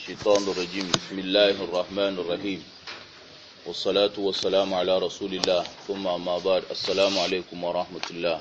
الشيطان الرجيم بسم الله الرحمن الرحيم والصلاة والسلام على رسول الله ثم أما بعد السلام عليكم ورحمة الله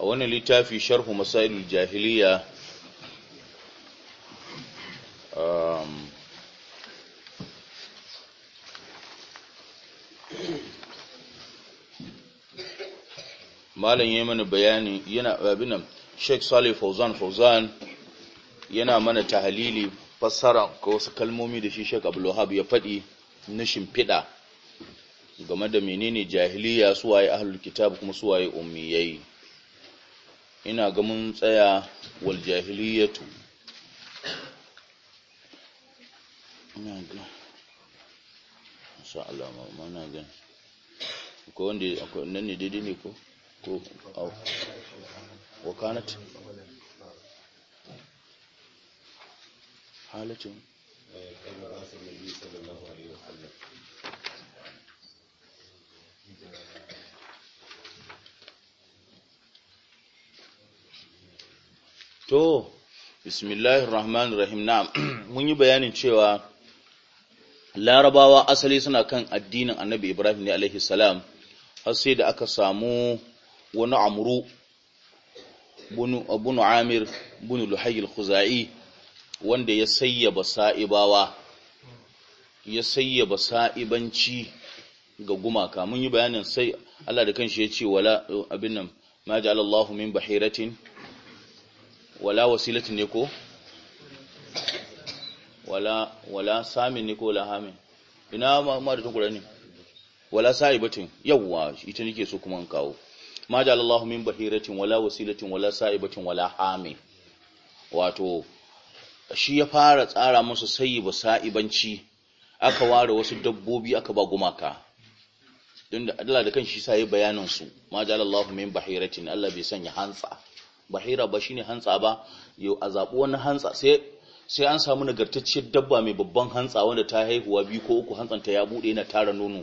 أولا لتافي شرح مسائل الجاهلية malam ya mana bayani yana abinan sheik salih fauzan fauzan yana mana tahalili fassara ko wasu kalmomi da shi Sheikh Abdulwahab ya faɗi na shimfiɗa game da menene jahiliya suwaye ahlul kitab kuma suwaye ummiyai ina ga mun tsaya wal jahiliyatu ina ga insha Allah mana ga ko wanda akwai nan ne daidai ne ko ko wa kanat halatin to bismillahir na mun yi bayanin cewa larabawa asali suna kan addinin annabi ibrahim ne alaihi salam har sai da aka samu wani amru bunu amir bunu luhayyul khuzai wanda ya sayyaba sa'ibawa ya sayyaba sa'ibanci ga gumaka mun yi bayanin sai Allah da kanshi ya ce wala abin nan ma ji Allah min bahiratin wala wasilatin ne ko wala wala samin ne ko la hamin ina ma da tukura ne wala sa'ibatin yawwa ita nike so kuma kawo ma ji Allah min bahiratin wala wasilatin wala sa'ibatin wala hamin wato shi ya fara tsara musu sai ba sa'ibanci aka ware wasu dabbobi aka ba gumaka don da Allah da kanshi sai bayanin su ma min bahiratin Allah bai sanya hantsa bahira ba shine hantsa ba yau a zaɓi wani hantsa sai an samu nagartacciyar dabba mai babban hantsa wanda ta haihuwa biyu ko uku hantsanta ya bude yana tara nono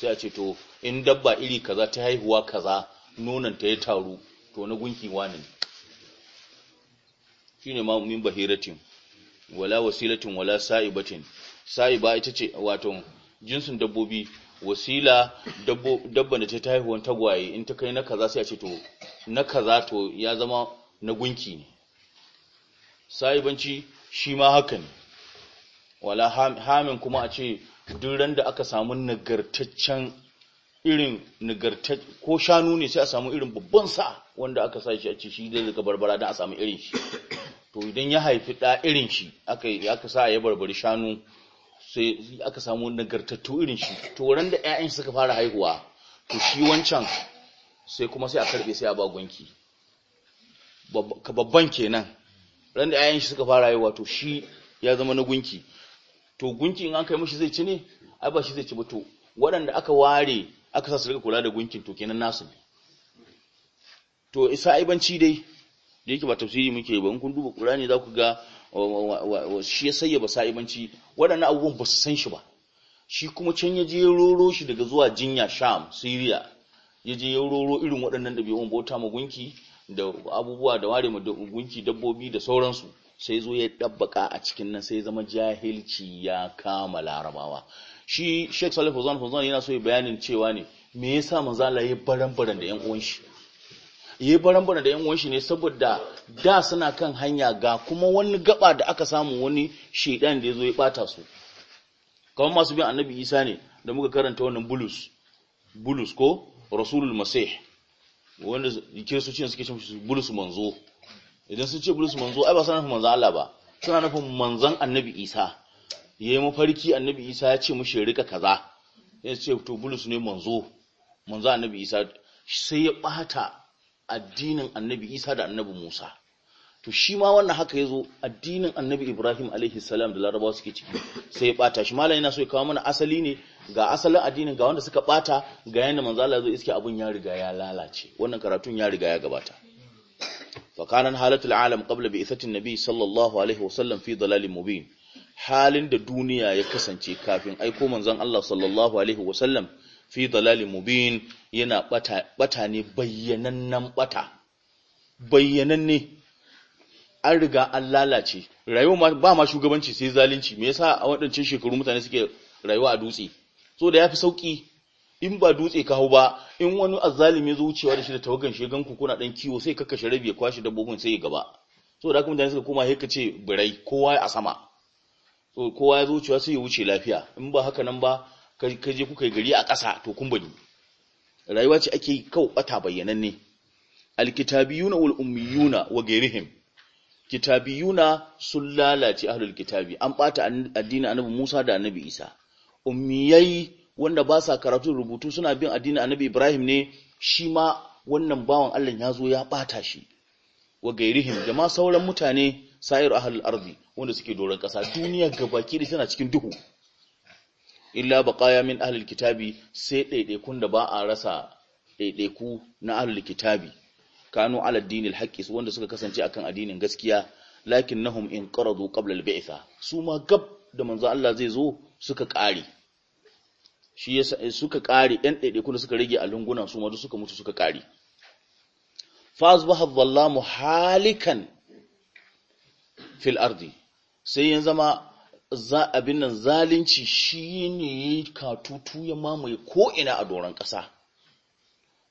sai a ce to in dabba iri kaza ta haihuwa kaza nonon ta ya taru to na gunki wani shine ma min bahiratin wala wasilatin wala sa'ibatin sa'iba ita ce wato jinsin dabbobi wasila dabba da ta ta haihuwan tagwaye in ta kai na kaza sai a ce to na kaza to ya zama na gunki ne sa'ibanci shi ma haka ne wala hamin kuma a ce duk randa aka samu nagartaccen irin nagarta ko shanu ne sai a samu irin babban sa wanda aka sa shi a ce shi zai zaka barbara don a samu irin shi to idan ya haifi ɗa irin shi aka sa ya barbari shanu sai aka samu nagartattu irin shi to ran da ƴaƴan suka fara haihuwa to shi wancan sai kuma sai a karbe sai a ba gunki ka babban kenan ran da ƴaƴan shi suka fara haihuwa to shi ya zama na gunki to gunki in an kai mishi zai ci ne A ba shi zai ci ba to waɗanda aka ware aka sa su rika kula da gunkin to kenan nasu ne to isa aibanci dai da yake ba tafsiri muke ba in kun duba kur'ani za ku ga shi ya sayyaba sa'ibanci waɗannan abubuwan ba su san shi ba shi kuma can ya je ya roro shi daga zuwa jinya Sham Syria ya je ya roro irin waɗannan da biyu bauta ma gunki da abubuwa da ware ma gunki dabbobi da sauransu sai zo ya dabbaka a cikin nan sai zama jahilci ya kama larabawa shi Sheikh Salih Fawzan Fawzan yana so ya bayanin cewa ne me yasa manzo Allah ya baran-baran da yan uwan shi yayi baran da yan uwan shi ne saboda da suna kan hanya ga kuma wani gaba da aka samu wani shaidan da ya zo ya bata su kamar masu bin annabi Isa ne da muka karanta wannan bulus bulus ko rasulul masih wanda kiristocin suke cin bulus manzo idan sun ce bulus manzo ai ba sanar manzo Allah ba suna nufin manzon annabi Isa yayi mafarki annabi Isa ya ce mushi rika kaza ya ce to bulus ne manzo manzo annabi Isa sai ya bata addinin annabi isa da annabi musa to shi ma wannan haka ya zo addinin annabi ibrahim alaihi salam da larabawa suke ciki sai ya bata shi malayi yana so ya kawo mana asali ne ga asalin addinin ga wanda suka bata ga yanda manzo Allah ya zo iske abun ya riga ya lalace wannan karatun ya riga ya gabata fa kana halatul alam qabla bi ithatin nabi sallallahu alaihi wasallam fi dalalin mubin halin da duniya ya kasance kafin aiko manzon Allah sallallahu alaihi wasallam fi dalali mubin yana bata ne bayyanannen bata bayyananne an riga an lalace rayuwa ba ma shugabanci sai zalunci me yasa a waɗancan shekaru mutane suke rayuwa a dutse so da yafi sauki in ba dutse ka hau ba in wani azzalimi ya zo wucewa da shi da tawagan shi ganku kuna dan kiwo sai ka kashe rabi ya kwashi dabbobin sai ya gaba so da haka mutane suka koma sai ka ce birai kowa a sama so kowa ya zo wucewa sai ya wuce lafiya in ba haka nan ba kaje je kuka yi gari a ƙasa to kun bani rayuwa ce ake yi ɓata bata bayyananne alkitabiyuna wal ummiyuna wa gairihim kitabiyuna sun lalace ahlul kitabi an bata addinin annabi Musa da annabi Isa ummiyai wanda ba sa karatu rubutu suna bin addinin annabi Ibrahim ne shi ma wannan bawan Allah ya zo ya ɓata shi wa gairihim da ma sauran mutane sayar ahlul ardi wanda suke doron kasa duniya gabaki da tana cikin duhu illa baqaya min ahlil kitabi sai ɗaiɗaikun da ba a rasa ɗaiɗaiku na ahlil kitabi kanu ala dinil haqqi wanda suka kasance akan addinin gaskiya in qaradu qabla al su ma gab da manzo Allah zai zo suka kare shi yasa eh, suka kare ɗan ɗaiɗaiku da suka rage a lunguna su ma duk suka mutu suka kare fa azbaha dhallamu halikan fil ardi sai ya zama za abin nan zalunci shine katutu ya mamaye ko ina a doron ƙasa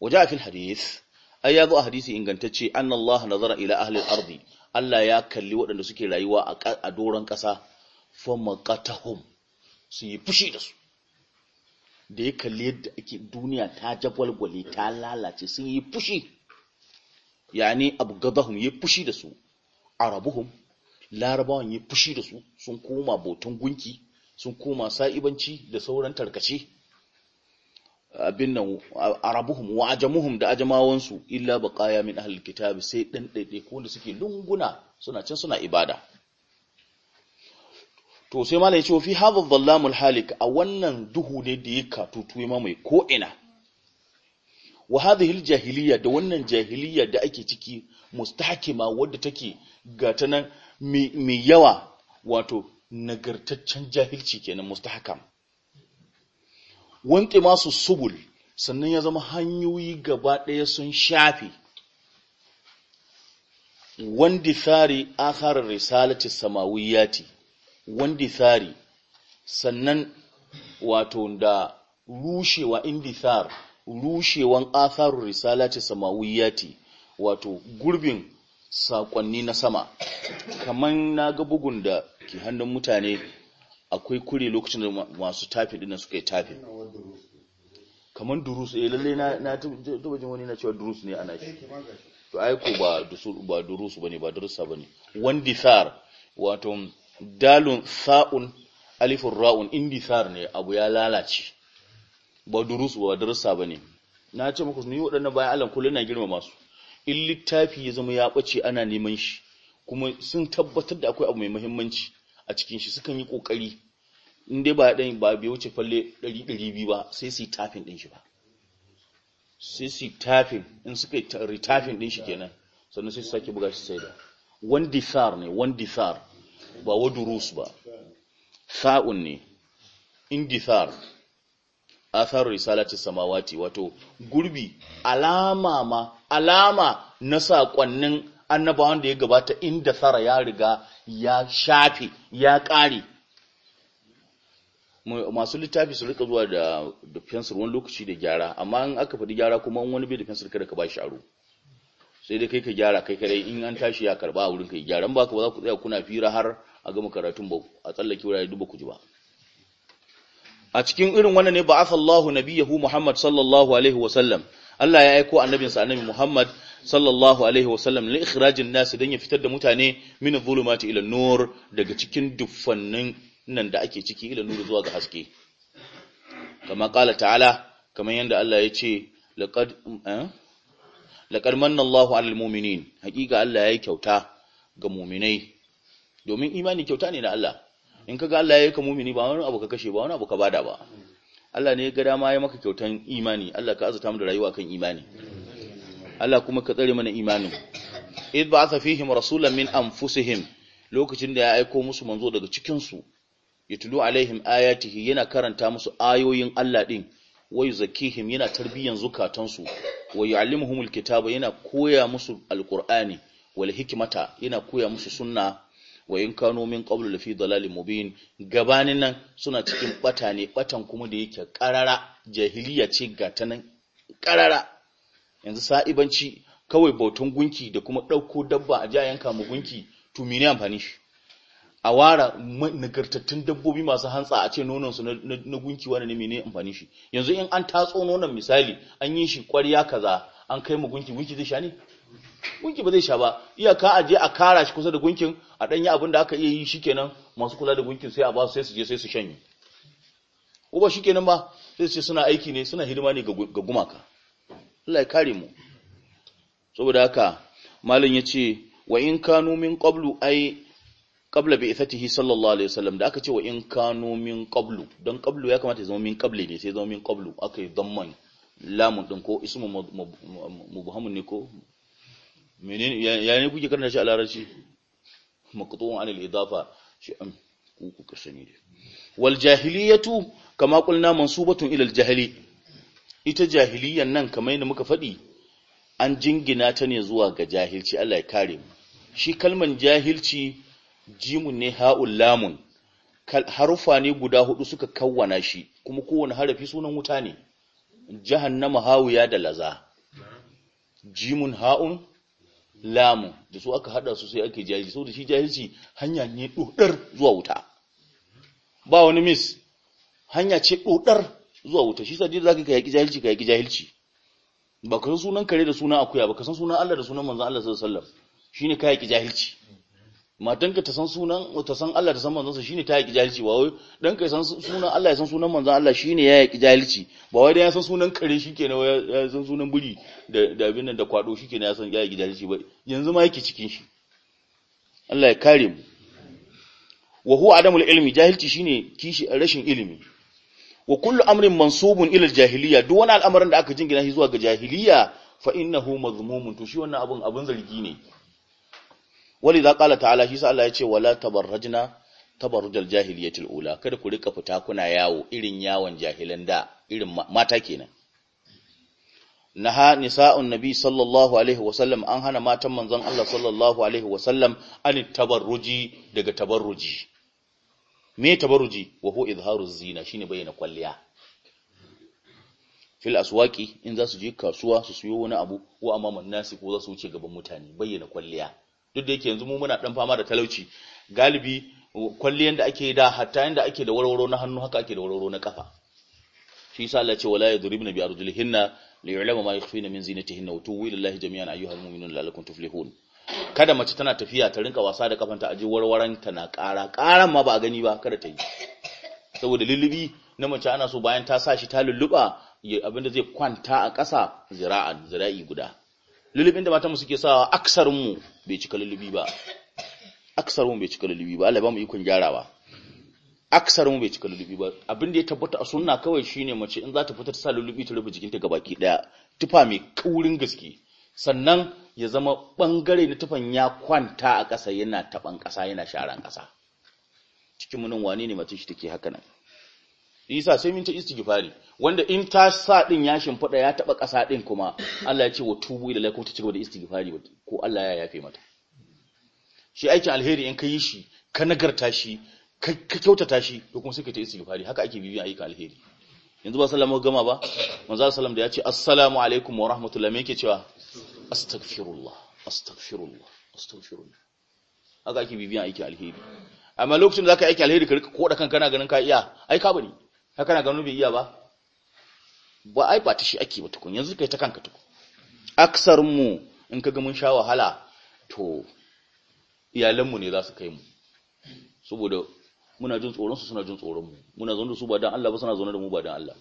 waje a fil hadis, ai ya zo a hadisi ingantacce annallahu Allah nazara ila ahli arzi, Allah ya kalli waɗanda suke rayuwa a doron ƙasa fa maqatahum su yi fushi da su da ya kalli yadda ake duniya ta jagwalgwale ta lalace sun yi fushi yani abgadahum yi fushi da su arabuhum larabawan yi fushi da su sun koma botun gunki sun koma sa'ibanci da sauran tarkace abin nan arabuhum wa ajamuhum da ajamawansu illa baqaya min ahlil kitab sai dan daidai ko wanda suke lunguna suna can suna ibada to sai malai ce fi hadha dhallam halik a wannan duhu ne da ya katutu ma mai ko ina wa hadhihi jahiliya da wannan jahiliya da ake ciki mustahkima wadda take gata nan mai yawa wato nagartaccen jahilci kenan mustahkam wanke masu subul sannan ya zama hanyoyi gaba ɗaya sun shafi wanda tsari akharar risalati samawiyati wanda tsari sannan wato da rushewa indithar rushewan atharur risalati samawiyati wato gurbin saƙonni na sama kamar na ga bugun da ke hannun mutane akwai kure lokacin da masu tafi dinnan suka yi tafi kamar durus eh lalle na na taba jin wani na cewa durus ne ana shi to ai ko ba dusul ba durus bane ba durusa bane sar wato dalun sa'un alifun ra'un sar ne abu ya lalace ba durus ba durusa bane na ce muku ni waɗannan bayan Allah kullun na girma masu. in littafi ya zama ya ɓace ana neman shi kuma sun tabbatar da akwai abu mai muhimmanci a cikin shi sukan yi ƙoƙari in dai ba ɗan ba bai wuce falle ɗari ɗari biyu ba sai su yi tafin ɗin shi ba sai su yi tafin in suka yi ritafin ɗin shi kenan sannan sai su sake buga shi sai da Wani disar ne wani disar ba wa durus ba sa'un ne in disar asarar risalati samawati wato gurbi alama ma alama na saƙonnin annabawan da ya gabata inda sara ya riga ya shafe ya ƙare masu littafi su rika zuwa da fensir wani lokaci da gyara amma in aka faɗi gyara kuma wani bai da fensir kada ka ba shi aro sai dai kai ka gyara kai kadai in an tashi ya karba a wurin kai gyaran ba ka ba za ku tsaya kuna fira har a gama karatun ba a tsallake wurare duba ku ji ba a cikin irin wannan ne ba'atha Allahu nabiyahu Muhammad sallallahu alaihi wa sallam Allah ya aiko annabinsa annabi Muhammad sallallahu alaihi wasallam li ikhrajin nas dan ya fitar da mutane min zulumati ila nur daga cikin duffannin nan da ake ciki ila nur zuwa ga haske kama qala ta'ala kaman yanda Allah ya ce laqad eh? laqad manna Allahu 'alal mu'minin hakika Allah yayi kyauta ga mu'minai domin imani kyauta ne na Allah in kaga Allah ya yi ka mu'mini ba wani abu ka kashe ba wani abu ka bada ba Allah ne ya ga dama ya maka kyautan imani Allah ka azuta mu da rayuwa kan imani Allah kuma ka tsare mana imanin id ba'atha fihim rasulan min anfusihim lokacin da ya aiko musu manzo daga cikin su yatlu alaihim ayatihi yana karanta musu ayoyin Allah din wa zakihim yana tarbiyan zukatansu wa yu'allimuhumul kitaba yana koya musu alqur'ani wal hikmata yana koya musu sunna wa in kano min qablu lafi dalalin mubin gabanin nan suna cikin bata ne batan kuma da yake karara jahiliya ce ga ta nan karara yanzu sa'ibanci kawai bautan gunki da kuma ɗauko dabba a ja yanka mu gunki to mene amfani shi a wara nagartattun dabbobi masu hantsa a ce nononsu na gunki wani ne mene amfani shi yanzu in an tatso nonon misali an yi shi kwarya kaza an kai mu gunki gunki zai sha ne gunki ba zai sha ba iya ka aje a kara shi kusa da gunkin a danyi abin da aka iya yi shikenan masu kula da gunkin sai a ba su sai su je sai su shanye uba shikenan ba sai su ce suna aiki ne suna hidima ne ga gumaka Allah ya kare mu saboda haka malam yace wa in kanu min qablu ai qabla bi ithatihi sallallahu alaihi wasallam da aka ce wa in kanu min qablu don qablu ya kamata ya zama min qabli ne sai zama min qablu akai dhamman lamun din ko ismu mubhamun ne ko menene ya kuke karanta shi a larabci maqtu'un anil idafa shi an ku kuka sani da wal jahiliyatu kama qulna su ila al jahili ita jahiliyan nan kamar yadda muka faɗi an jingina ta ne zuwa ga jahilci Allah ya kare mu shi kalman jahilci jimun ne ha'ul lamun harufa ne guda hudu suka kawwana shi kuma kowane harafi sunan wuta ne jahannama hawiya da laza jimun ha'un lamu da su aka hada su sai ake jahilci saboda shi jahilci hanya ne dodar zuwa wuta ba wani miss hanya ce dodar zuwa wuta shi sadi zaka ka yaki jahilci ka yaki jahilci ba ka san sunan kare da sunan akuya ba ka san sunan Allah da sunan manzon Allah sallallahu alaihi wasallam shine ka yaki jahilci matanka ta san sunan ta san Allah ta san manzon sa shine ta yaki jahilci ba wai dan kai san sunan Allah ya san sunan manzon Allah shine ya yaki jahilci ba wai dan ya san sunan kare shikenan ya san sunan buri da da abin nan da kwado shikenan ya san ya yaki jahilci ba yanzu ma yake cikin shi Allah ya kare mu wa huwa adamul ilmi jahilci shine kishi rashin ilimi wa kullu amrin mansubun ila jahiliya duk wani al'amarin da aka jingina shi zuwa ga jahiliya fa innahu mazmumun to shi wannan abun abun zargi ne walidha qala ta'ala shi sa Allah ya ce wala tabarrajna tabarrujal jahiliyatil ula kada ku rika fita kuna yawo irin yawon jahilan da irin mata kenan naha nisa'un nabi sallallahu alaihi sallam, an hana matan manzon Allah sallallahu alaihi sallam an tabarruji daga tabarruji me tabarruji wa hu izharu zina shine bayyana kwalliya fil aswaqi in za su je kasuwa su siyo wani abu ko amaman nasi ko za su wuce gaban mutane bayyana kwalliya duk da yake yanzu mu muna dan fama da talauci galibi kwalliyan da ake da hatta yanda ake da warwaro na hannu haka ake da warwaro na kafa shi yasa Allah ya ce wala yadribu bi arjulihinna li yu'lama ma yakhfina min zinatihinna wa tuwi lillahi jami'an ayyuhal mu'minuna la'allakum tuflihun kada mace tana tafiya ta rinka wasa da kafanta aje warwaran ta na ƙara ƙaran ma ba gani ba kada ta yi saboda lullubi na mace ana so bayan ta sa shi ta lulluba abinda zai kwanta a ƙasa zira'an zira'i guda lulubin da matanmu suke sawa aksarinmu bai cika lulubi ba aksarinmu bai cika lulubi ba Allah ba mu ikon gyarawa aksarinmu bai cika lulubi ba abin da ya tabbata a sunna kawai shine mace in za ta fita ta sa lulubi ta rufe jikinta gabaki daya tufa mai kaurin gaske sannan ya zama bangare na tufan ya kwanta a ƙasa yana taban ƙasa yana sharan ƙasa cikin munin wane ne mace shi take haka nan Isa sai minta istighfari wanda in ta sa din ya shimfida ya taba kasa din kuma Allah ya ce wa tubu ila lakum ta cigaba da istighfari ko Allah ya yafe mata shi aikin alheri in ka yi shi ka nagarta shi ka kyautata shi to kuma sai ka ta istighfari haka ake bibiyan ayyukan alheri yanzu ba sallama gama ba manzo sallam da ya ce assalamu alaikum wa rahmatullahi me yake cewa astaghfirullah astaghfirullah astaghfirullah haka ake bibiyan aikin alheri amma lokacin da zaka aiki alheri ka rika koda kanka kana ganin ka iya ai ka bari Haka na ganu bai iya ba ba ai ba ta shi ake ba tukun yanzu kai ta kanka tuku aksar mu in kaga mun sha wahala to iyalanmu ne za su kai mu saboda muna jin tsoron su suna jin tsoron mu muna zaune da su ba dan Allah ba suna zaune da mu ba dan Allah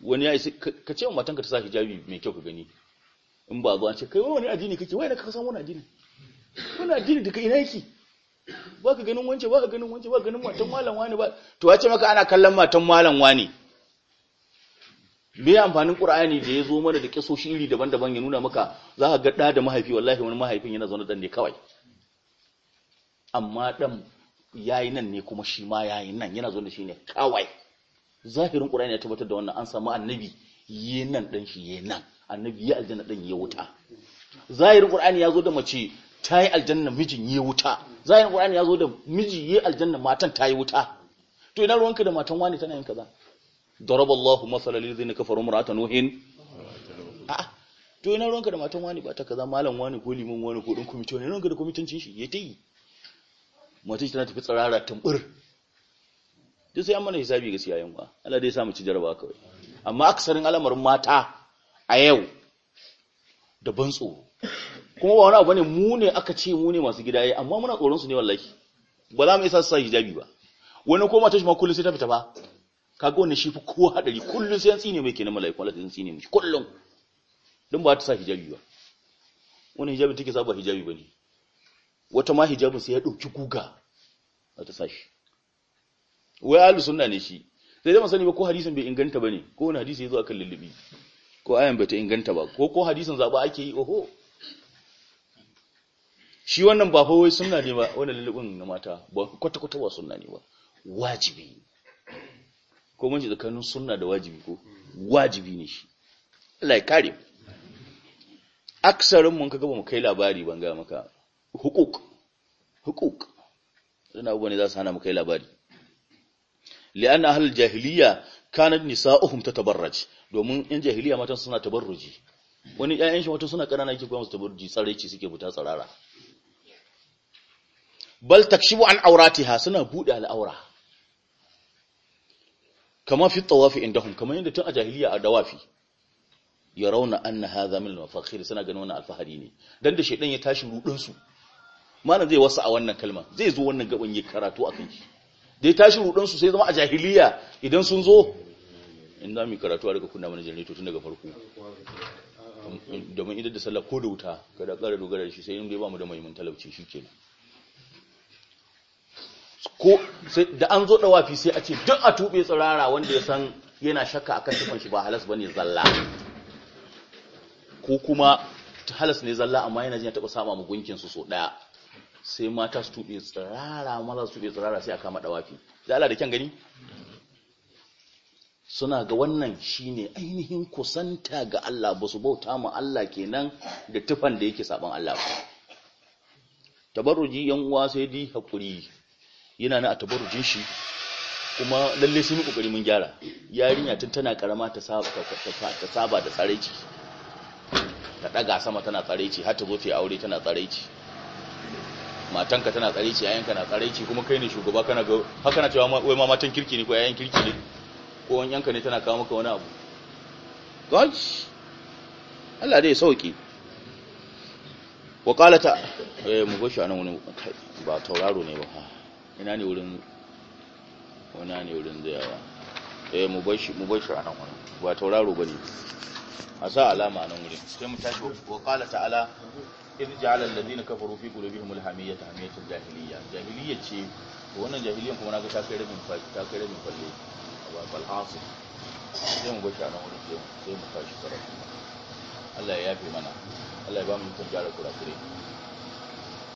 wani ya isa ka ce wa matanka ta sa hijabi mai kyau ka gani in ba zuwa ce kai wani addini kake wai na ka san wani addini wani addini duka ina yake ba ka ganin wance ba ka ganin wance ba ka ganin matan malam wani ba to wace maka ana kallon matan malam wani me amfanin qur'ani da ya zo mana da kisoshi iri daban-daban ya nuna maka za ka ga da da mahaifi wallahi wani mahaifin yana zaune dan ne kawai amma dan yayi nan ne kuma shi ma yayi nan yana zaune shi ne kawai zahirin qur'ani ya tabbatar da wannan an samu annabi yi nan dan shi yi nan annabi ya aljanna dan ya wuta zahirin qur'ani ya zo da mace ta yi aljanna mijin yi wuta Za zayin ƙur'ani ya zo da miji yi aljanna matan ta yi wuta to ina ruwanka da matan wani tana yin kaza daraballahu masala zai na kafarun murata nuhin a to ina ruwanka da matan wani ba ta kaza malam wani ko liman wani ko ɗin komiti ne ruwanka da cin shi ya ta yi? matan shi tana tafi tsirara tambur duk sai an mana hisabi gaskiya yan uwa Allah dai ya samu ci jarabawa kawai amma aksarin al'amarin mata a yau da ban tsoro kuma ba wani abu ne mu ne aka ce mu ne masu gida yi, eh, amma muna tsoron su ne wallahi ba za mu isa sa hijabi ba wani ko mata shi ma kullun sai ta fita ba kaga wannan shi fi kowa hadari kullun sai an tsine mai kenan mala'iku Allah sai tsine mishi kullun din ba ta sa hijabi ba wani hijabi take sa ba hijabi bane wata ma hijabin sai ya dauki guga ba ta sa shi wai alu sunna ne shi sai dai sani ba ko hadisin bai inganta bane ko wani hadisi ya zo akan lullubi ko ayan bai ta inganta ba ko ko hadisin zaba ake yi oho shi wannan ba fa wai sunna ne ba wannan lulubin na mata ba kwata kwata ba sunna ne ba wajibi ko mun ji tsakanin sunna da wajibi ko wajibi ne shi Allah ya kare aksarin mun kaga ba mu kai labari ban ga maka hukuk hukuk suna abu ne za su hana mu kai labari li'anna ahlul jahiliya kanat nisa'uhum tatabarraj domin yan jahiliya matan suna tabarruji wani ƴaƴan shi matan suna kananan yake kuma su tabarruji tsareci suke fita tsarara bal takshibu an auratiha suna bude al'aura kama fi tawafi indahum kama yadda tun a jahiliya a dawafi ya rauna anna hadha min al-fakhir suna ganin wannan alfahari ne dan da shedan ya tashi rudin su malam zai wasa a wannan kalma zai zo wannan gaban yi karatu akan shi da ya tashi rudin su sai zama a jahiliya idan sun zo in za mu karatu a daga kunna mana janitor tun daga farko domin idan da sallah ko da wuta kada ƙara dogara da shi sai in dai ba mu da maimun talauci kenan. ko da an zo dawafi sai a ce duk a tube tsirara wanda ya san yana shakka akan tufan shi ba halas bane zalla ko kuma halas ne zalla amma yana jin ya taba sama mu gunkin su so daya sai mata su tube tsirara maza su tube tsirara sai a kama dawafi da Allah da kyan gani suna ga wannan shine ainihin kusanta ga Allah ba su bauta ma Allah kenan da tufan da yake saban Allah ba tabarruji yan uwa sai di hakuri yana na a tabarujin shi kuma lalle sun yi kokari mun gyara yarinya tun tana karama ta saba ta saba da tsare ciki ta daga sama tana tsare ciki har ta zo ta aure tana tsare ciki matanka tana tsare ciki yayanka na tsare kuma kai ne shugaba kana ga haka na cewa wai ma matan kirki ne ko yayan kirki ne ko yanka ne tana kawo maka wani abu god Allah dai sauki wa qalata eh mu goshi anan wani ba tauraro ne ba ina ne wurin wana ne wurin zayawa eh mu bar shi mu bar shi a nan wurin ba tauraro bane a sa alama a nan wurin sai mu tashi wa qala ta'ala idh ja'ala alladhina kafaru fi qulubihim alhamiyyata hamiyatul jahiliyya jahiliyya ce wannan jahiliyan kuma naga ta kai rabin fa'i ta kai rabin falle wa bal hasil sai mu bar shi a nan wurin sai mu tashi karatu Allah ya yafe mana Allah ya ba mu ikon gyara kurakure